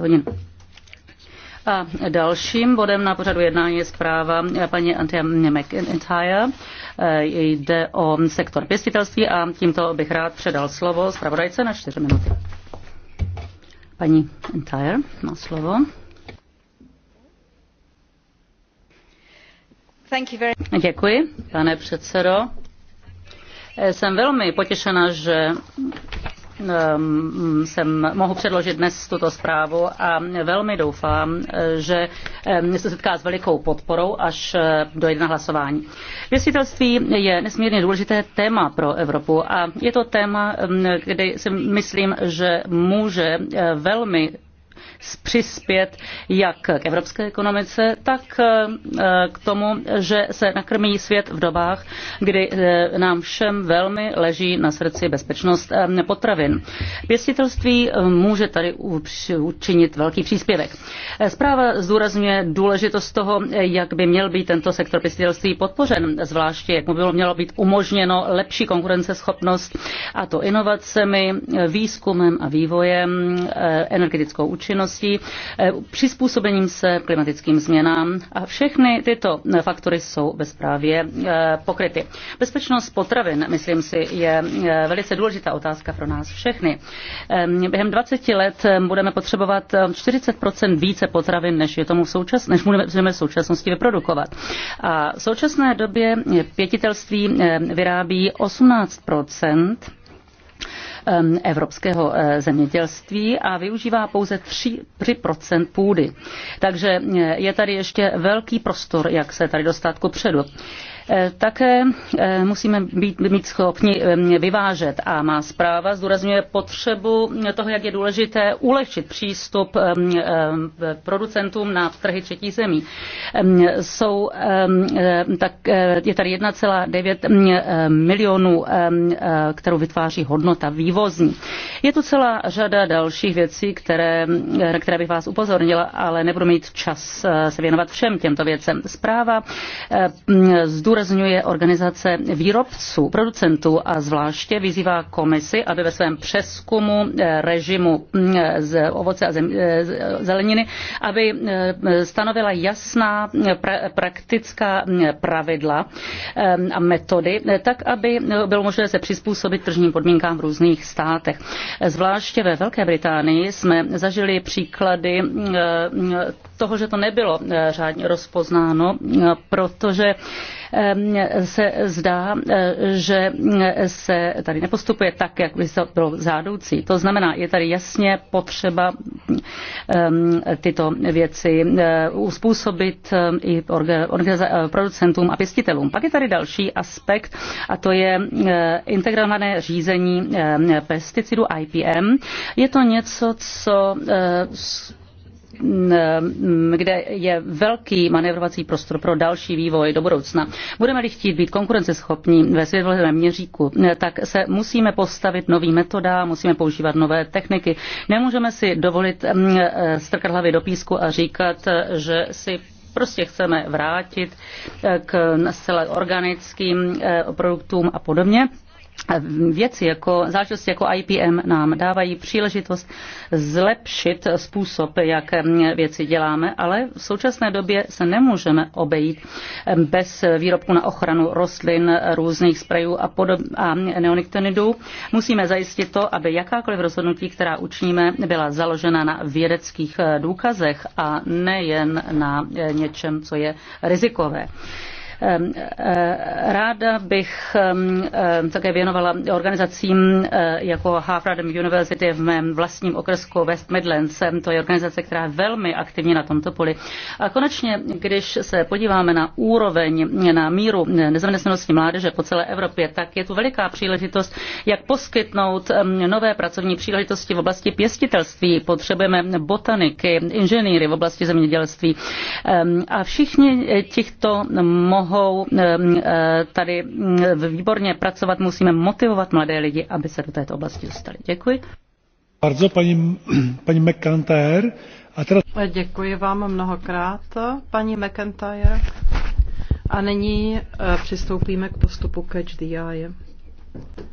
hodin. A dalším bodem na pořadu jednání je zpráva paní Antia McIntyre. Jde o sektor pěstitelství a tímto bych rád předal slovo zpravodajce na čtyři minuty. Paní Entire má slovo. Děkuji, pane předsedo. Jsem velmi potěšena, že Ehm, jsem, mohu předložit dnes tuto zprávu a velmi doufám, že ehm, se setká s velikou podporou, až eh, do jedna hlasování. Věstitelství je nesmírně důležité téma pro Evropu a je to téma, ehm, kdy si myslím, že může eh, velmi přispět jak k evropské ekonomice, tak eh, k tomu, že se nakrmí svět v dobách, kdy eh, nám všem velmi leží na srdci bezpečnost eh, potravin. Pěstitelství může tady učinit velký příspěvek. Zpráva zdůrazňuje důležitost toho, jak by měl být tento sektor pěstitelství podpořen, zvláště jak mu bylo mělo být umožněno lepší konkurenceschopnost, a to inovacemi, výzkumem a vývojem, energetickou účinností činností, eh, přizpůsobením se klimatickým změnám a všechny tyto faktory jsou bezprávě eh, pokryty. Bezpečnost potravin, myslím si, je eh, velice důležitá otázka pro nás všechny. Během 20 let budeme potřebovat 40 více potravin, než je tomu v současné, než budeme v současnosti vyprodukovat. A v současné době pětitelství vyrábí 18 evropského eh, zemědělství a využívá pouze 3 půdy. Takže eh, je tady ještě velký prostor, jak se tady dostat ku předu. Eh, také eh, musíme být, být schopni eh, vyvážet a má zpráva zdůrazňuje potřebu toho, jak je důležité ulehčit přístup producentům na trhy třetí zemí. Ehm, jsou, ehm, tak, je tady 1,9 mm, milionů, ehm, kterou vytváří hodnota vývozní. Je tu celá řada dalších věcí, které, na které bych vás upozornila, ale nebudu mít čas se věnovat všem těmto věcem. Zpráva mm, zdůrazňuje zdůrazňuje organizace výrobců, producentů a zvláště vyzývá komisi, aby ve svém přeskumu eh, režimu mm, eh, z ovoce a eh, zeleniny, aby stanovila jasná pra, praktická mm, pravidla a metody, tak aby bylo možné se přizpůsobit tržním podmínkám v různých státech. Zvláště ve Velké Británii jsme zažili příklady mm, toho, že to nebylo řádně rozpoznáno, protože Ehm, se zdá, eh, že mm, se tady nepostupuje tak, jak by se bylo zádoucí. To znamená, je tady jasně potřeba ehm, tyto věci eh, uspůsobit ehm, i eh, producentům a pěstitelům. Pak je tady další aspekt a to je integrované řízení pesticidů IPM. Je to něco, co Mm, mm, kde je velký manévrovací prostor pro další vývoj do budoucna. Budeme-li chtít být konkurenceschopní ve světovém měříku, eh, tak se musíme postavit nový metoda, musíme používat nové techniky. Nemůžeme si dovolit mm, eh, strkat hlavy do písku a říkat, eh, že si prostě chceme vrátit k zcela organickým produktům a podobně. Věci jako záležitosti jako IPM nám dávají příležitost zlepšit způsob, jak věci děláme, ale v současné době se nemůžeme obejít bez výrobku na ochranu rostlin, různých sprejů a, podob- a neoniktinidů. Musíme zajistit to, aby jakákoliv rozhodnutí, která učiníme, byla založena na vědeckých eh, důkazech a nejen na eh, něčem, co je rizikové. Ehm, eh, ráda bych ehm, ehm, také věnovala organizacím eh, jako Radom University v mém vlastním okresku West Midlands. To je organizace, která je velmi aktivní na tomto poli. A konečně, když se podíváme na úroveň, na míru nezaměstnanosti mládeže po celé Evropě, tak je tu veliká příležitost, jak poskytnout nové pracovní příležitosti v oblasti pěstitelství. Potřebujeme botaniky, inženýry v oblasti zemědělství. A všichni eh, těchto mohou mohou eh, eh, tady mm, výborně pracovat, musíme motivovat mladé lidi, aby se do této oblasti dostali. Děkuji. Bardzo, paní, paní McIntyre. A teraz... Děkuji vám mnohokrát, paní McIntyre. A nyní eh, přistoupíme k postupu Catch the Eye.